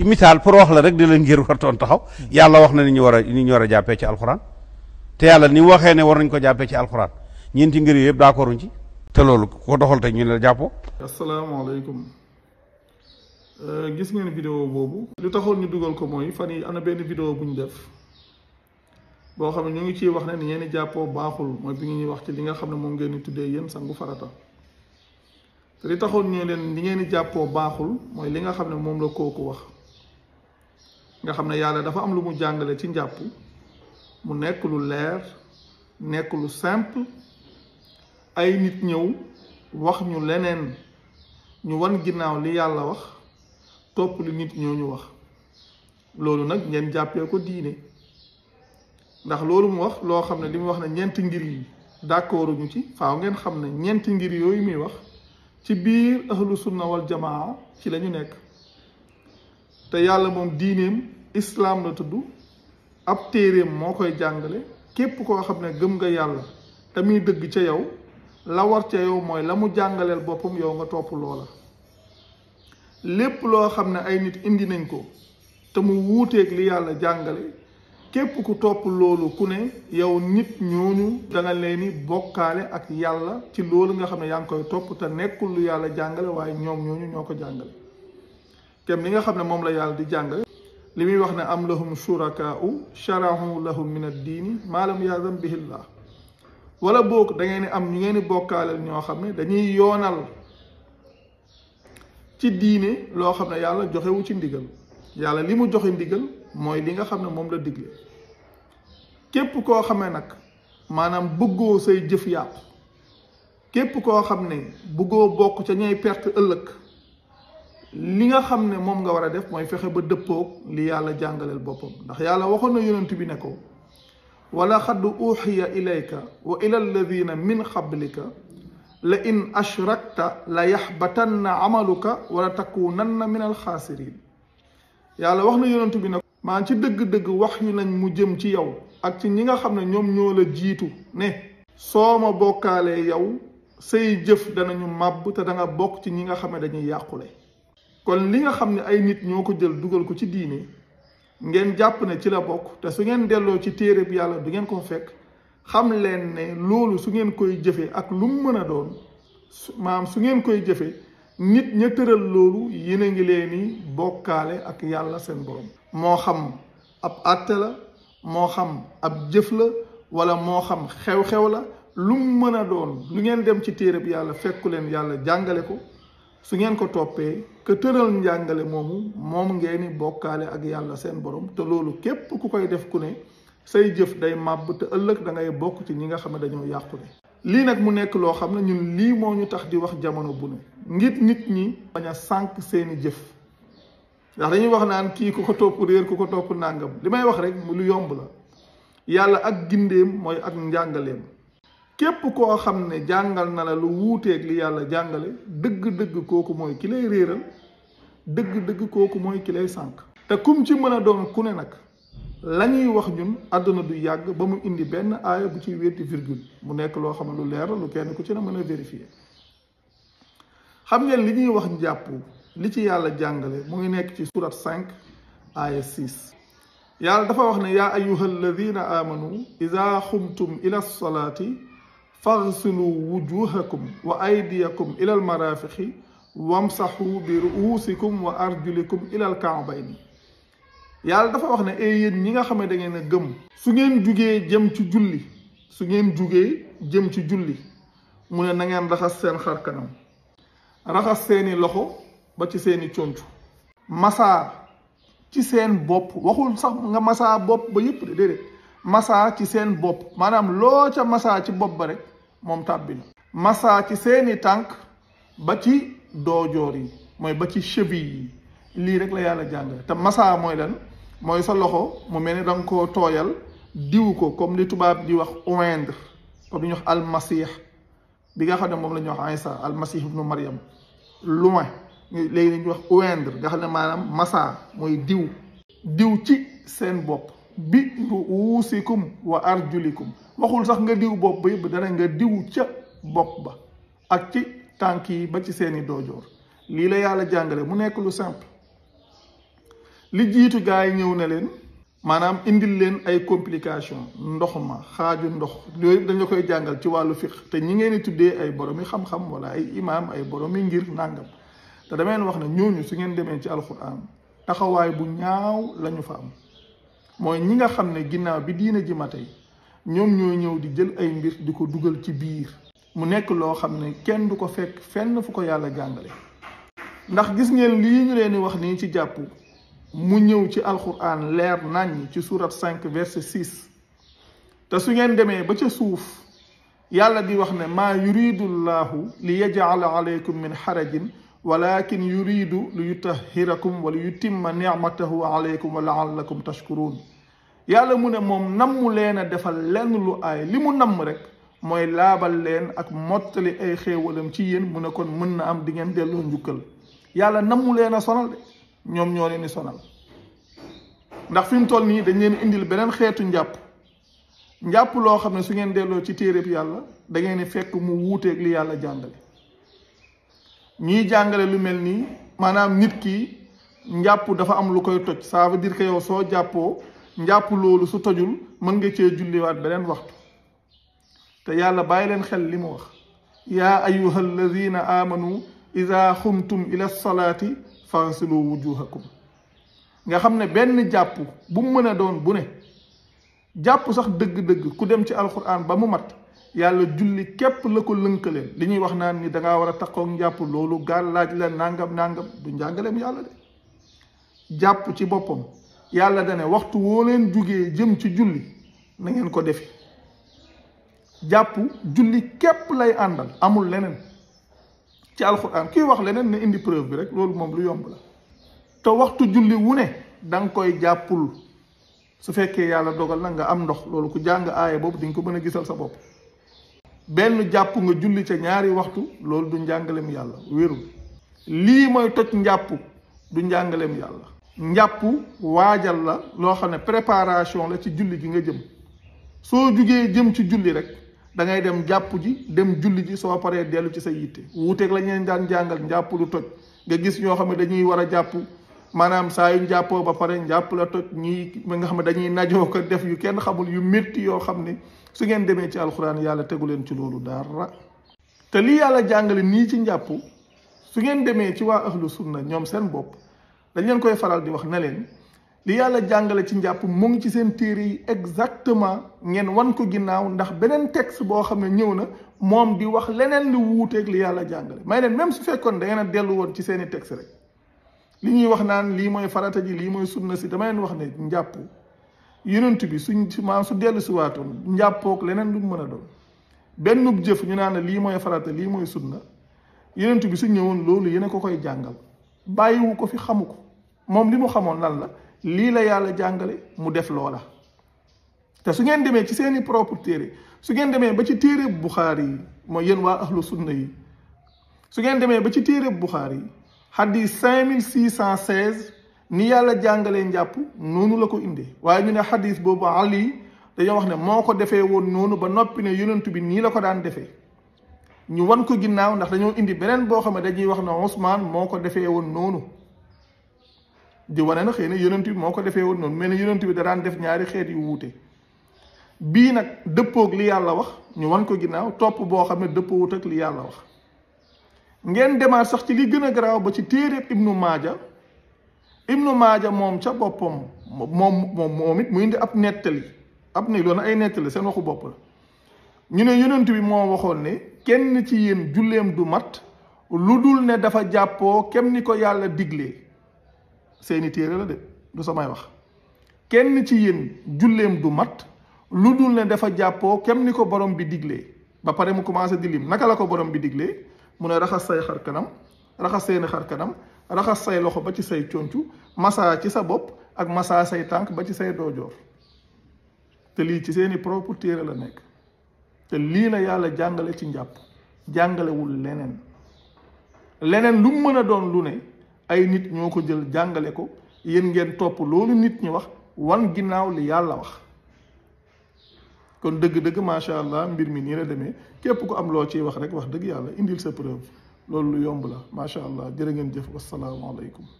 ci misaal pour wax la rek di la ngir wartoon taxaw yàlla wax na ni ñu war a ni ñu war a jàppee ci alxuraan te yàlla ni waxee ne war nañ ko jàppee ci alxuraan ñeenti ngir yëpp d'accorduñ ci te loolu ko doxal te ñu ne la jàppoo asalaamaaleykum euh, gis ngeen vidéo boobu lu taxoon ñu dugal ko mooy fan yi am na benn vidéo bu def boo xam ñu ngi ciy wax ne ni ngeen jàppoo baaxul bi ñuy wax ci li nga xam ne moom ngeen di tuddee yéen sangu farata li taxoon ñu leen li ngeen di jàppoo baaxul mooy li nga xam ne moom la kooku wax nga xam ne yàlla dafa am lu mu jàngale ci njàpp mu nekk lu leer nekk lu simple ay nit ñëw wax ñu leneen ñu wan ginnaaw li yàlla wax topp li nit ñoo ñu wax loolu nag ngeen jàppee ko diine ndax loolu mu wax loo xam ne li mu wax na ñeenti ngir yi d'accorduñu ci faaw ngeen xam ne ñeenti ngir yooyu muy wax ci biir ahlu sunna wal jamaa ci lañu nekk te yàlla moom diineem islaam la tudd ab téeréem moo koy jàngale képp koo xam ne gëm nga yàlla te muy dëgg ca yow la war ca yow mooy la mu jàngaleel boppam yow nga topp loola lépp loo xam ne ay nit indi nañ ko te mu wuuteeg li yàlla jàngale képp ku topp loolu ku ne yow nit ñooñu danga leen ni bokkaale ak yàlla ci loolu nga xam ne yaa ngi koy topp te nekkul lu yàlla jàngale waaye ñoom ñooñu ñoo ko jàngale kem li nga xam ne moom la yàlla di jàng li muy wax ne am lahum shurakaa'u sharahu lahum min ad-diini maa lam yazam bihillah wala ko da ne am ñu ngeen di bokkaaleel ñoo xam ne dañuy yoonal ci diine loo xam ne yàlla joxewu ci ndigal yàlla li mu joxe ndigal mooy li nga xam ne moom la digle képp koo xamee nag maanaam bëggoo say jëf yàqu képp koo xam ne bëggoo bokk ca ñay perte ëllëg li nga xam ne moom nga war a def mooy fexe ba dëppook li yàlla jàngaleel boppam ndax yàlla waxoon na yonent bi ne ko wala xad uxiya ilayka wa ila alladina min qablika la in ashrakta la yaxbatanna amaluka wala takunanna min alxaasirin yàlla wax na yonent bi ne ko maan ci dëgg-dëgg wax yu nañ mu jëm ci yow ak ci ñi nga xam ne ñoom ñoo la jiitu ne soo ma bokkaalee yow say jëf danañu màbb te da bokk ci ñi nga xam ne dañuy yàqule kon li nga xam ne ay nit ñoo ko jël dugal ko ci diine ngeen jàpp ne ci la bokk te su ngeen delloo ci téere bi yàlla du ngeen koo fekk xam leen ne loolu su ngeen koy jëfee ak lu mu mën a doon maam su ngeen koy jëfee nit ña tëral loolu yéen a ngi leen ni bokkaale ak yàlla seen borom. moo xam ab àtte la moo xam ab jëf la wala moo xam xew-xew la lu mu mën a doon lu ngeen dem ci téere bi yàlla fekku leen yàlla jàngale ko. su ngeen ko toppee que tëral njàngale moomu moom ngeeni bokkaale ak yàlla seen borom te loolu képp ku koy def ku ne say jëf day màbb te ëllëg da ngay bokk ci ñi nga xam ne dañoo yàqu lii nag mu nekk loo xam ne ñun lii moo ñu tax di wax jamono bu ne ngir nit ñi bañ a sànq seeni jëf ndax dañuy wax naan kii ku ko topp réer ku ko topp nàngam li may wax rek lu yomb la yàlla ak gindeem mooy ak njàngaleem képp koo xam ne jàngal na la lu wuuteeg li yàlla jàngale dëgg-dëgg kooku mooy ki lay réeral dëgg-dëgg kooku mooy ki lay sànq. te kum ci mën a doon ku ne nag lañuy wax ñun àdduna du yàgg ba mu indi benn aaya bu ci weddi virgule mu nekk loo xam ne lu kenn ku ci ne mën a vérifier xam ngeen li ñuy wax njàpp li ci yàlla jàngale mu ngi nekk ci surat 5 aaya 6. yàlla dafa wax ne yaa ayyuha alladina amanu ida xumtum ila salaati faghsilu wujuhakum wa aydiyakum ilal marafiqi wamsaxu bi ruusikum wa arjulikum ilal kaabayni yàlla dafa wax ne ay ñi nga xam ne da ngeen a gëm su ngeen jógee jëm ci julli su ngeen jógee jëm ci julli mu ne na ngeen raxas seen xar kanam raxas seeni loxo ba ci seeni conc masaa ci seen bopp waxul sax nga masaa bopp ba yépp de déedéet massa ci seen bopp maanaam loo ca massa ci bopp ba rek moom tàbbi na massa ci seeni tànk ba ci doojoor yi mooy ba ci cheville yi lii rek la yàlla jàngale te massa mooy lan mooy sa loxo mu mel ni da tooyal diw ko comme li tubaab di wax oindre comme li ñuy wax almasih bi nga xam ne moom la ñuy wax Isa almasih ibnu Maryam loin léegi la ñuy wax oindre nga xam ne maanaam massa mooy diw diw ci seen bopp bi ruusikum wa arjulikum waxul sax nga diw bopp ba yëpp dana nga diw ca bopp ba ak ci tànk yi ba ci seeni doojoor lii la yàlla jàngale mu nekk lu simple li jiitu gaa yi ñëw ne leen maanaam indil leen ay complication ndox ma xaaju ndox yooyu dañ la koy jàngal ci wàllu fiq te ñi ngeen di tuddee ay boromi xam-xam wala ay imaam ay boromi ngir nàngam te dameen wax ne ñooñu su ngeen demee ci alxuraan taxawaay bu ñaaw lañu fa am mooy ñi nga xam ne ginnaaw bi diina ji ma tey ñoom ñoo ñëw di jël ay mbir di ko dugal ci biir mu nekk loo xam ne kenn du ko fekk fenn fu ko yàlla jàngale ndax gis ngeen lii ñu leen di wax nii ci jàpp mu ñëw ci alxuraan leer naññ ci surat 5 verset 6 te su ngeen demee ba ca suuf yàlla di wax ne maa yuridullahu li yajala aleykum min xarajin ولكن يريد ليطهركم وليتم نعمته عليكم ولعلكم تشكرون yàlla mu ne moom namm leen a defal lenn lu aay li mu namm rek mooy laabal leen ak mottali ay xéewalam ci yéen mu ne kon mën na am di ngeen delloo njukkal yàlla namm leen a sonal de ñoom ñoo leen di sonal ndax fi mu toll nii dañ leen indil beneen xeetu njàpp njàpp loo xam ne su ngeen delloo ci téereb yàlla da ngeen di fekk mu wuuteeg li yàlla jàngale ñiy jàngale lu mel nii maanaam nit ki njàpp dafa am lu koy toj ça veut dire yow soo jàppoo njàpp loolu su tojul mën nga cee julliwaat beneen waxtu te yàlla bàyyi leen xel li mu wax yaa ayuha alladina amanu ida xumtum ila salaati faghsilu wujuhakum nga xam ne benn jàpp bu mën a doon bu ne jàpp sax dëgg-dëgg ku dem ci alquran ba mu mat yàlla julli képp la ko lënkaleen li ñuy wax naan ni da ngaa war a takkoo njàpp loolu gaal laaj la nangam nangam du njàngaleem yàlla de waktu ci boppam yàlla dane waxtu woo leen jëm ci julli na ngeen ko defi jàpp julli kep lay andal amul lenen ci alquran kii wax leneen ne indi preuve bi rek loolu moom lu yomb la te waxtu julli wu ne da nga koy jàppul su dogal na nga am ndox loolu ku jàng aaya boobu di nga ko mën sa benn jàpp nga julli ca ñaari waxtu loolu du njàngaleem yàlla wérul lii mooy toj njàpp du njàngaleem yàlla njàpp waajal la loo xam ne préparation la ci julli ji nga jëm soo jugee jëm ci julli rek dangay dem jàpp ji dem julli ji soo paree dellu ci sa yitte wuuteeg la ñeen daan jàngal njàpp lu toj nga gis yoo xam ne dañuy war a jàpp maanaam saa yu njàppoo ba pare njàpp la toj ñii nga xam ne dañuy najoo ko def yu kenn xamul yu métti yoo xam ne su ngeen demee ci alxuraan yàlla tegu leen ci loolu dara te lii yàlla jàngale nii ci njàpp su ngeen demee ci waa ahlu sunna ñoom seen bopp dañ leen koy faral di wax ne leen li yàlla jàngale ci njàpp mu ngi ci seen téere yi exactement ngeen wan ko ginnaaw ndax beneen texte boo xam ne ñëw na moom di wax leneen lu wuuteeg li yàlla jàngale may leen même su fekkoon da ngeen ci seeni texte rek li ñuy wax naan lii mooy farata ji lii mooy sunna si dama leen wax ne njàpp yonent bi suñ maanaam su dellu si waatoon njàppook leneen mën a doon benn jëf ñu naan lii mooy farata lii mooy sunna yonent bi su ñëwoon loolu yéen a ko koy jàngal bàyyiwu ko fi xamu ko moom li mu xamoon lan la lii la yàlla jàngale mu def loola te su ngeen demee ci seeni propre téere su ngeen demee ba ci téere Buxaari yi mooy yéen waa ahlu sunna yi su ngeen demee ba ci téere Buxaari yi xadis 5616 ni yàlla jàngalee njàpp noonu la ko indee waaye ñu ne xadis boobu Ali dañoo wax ne moo ko defee woon noonu ba noppi ne yonent bi nii la ko daan defee ñu wan ko ginnaaw ndax dañoo indi beneen boo xam ne dañuy wax ne Ousmane moo ko defee woon noonu di wane na xëy na yonent bi moo ko defee woon noonu mais ne yonent bi da daan def ñaari xeet yu wuute bii nag dëppoog li yàlla wax ñu wan ko ginnaaw topp boo xam ne dëppoowut ak li yàlla wax ngeen demaat sax ci li gën a garaaw ba ci téeréeb ibnu maaja ibnu maaja moom ca boppam moom moom it mu indi ab nettali ab ne loolu ay nettali seen waxu bopp la ñu ne yonent bi moo waxoon ne kenn ci yéen julleem du mat lu dul ne dafa jàppoo kem ni ko yàlla diglee seeni téere la wax kenn ci yéen julleem du mat lu dul ne dafa jàppoo kem ni ko borom bi diglee ba pare mu commencé di lim naka la ko borom bi diglee mu ne raxas say xar kanam raxas seeni xar kanam raxas say loxo ba ci say concu masaa ci sa bopp ak masaa say tànk ba ci say doojoor te lii ci seeni propre téere la nekk te lii la yàlla jàngale ci njàpp jàngalewul leneen leneen lu mën a doon lu ne ay nit ñoo ko jël jàngale ko yéen ngeen topp loolu nit ñi wax wan ginnaaw li yàlla wax kon dëgg-dëgg macha allah mbir mi nii la demee képp ku am loo ciy wax rek wax dëgg yàlla indil sa preuve loolu lu yomb la macha allah jërë ngeen jëf wasalaamaaleykum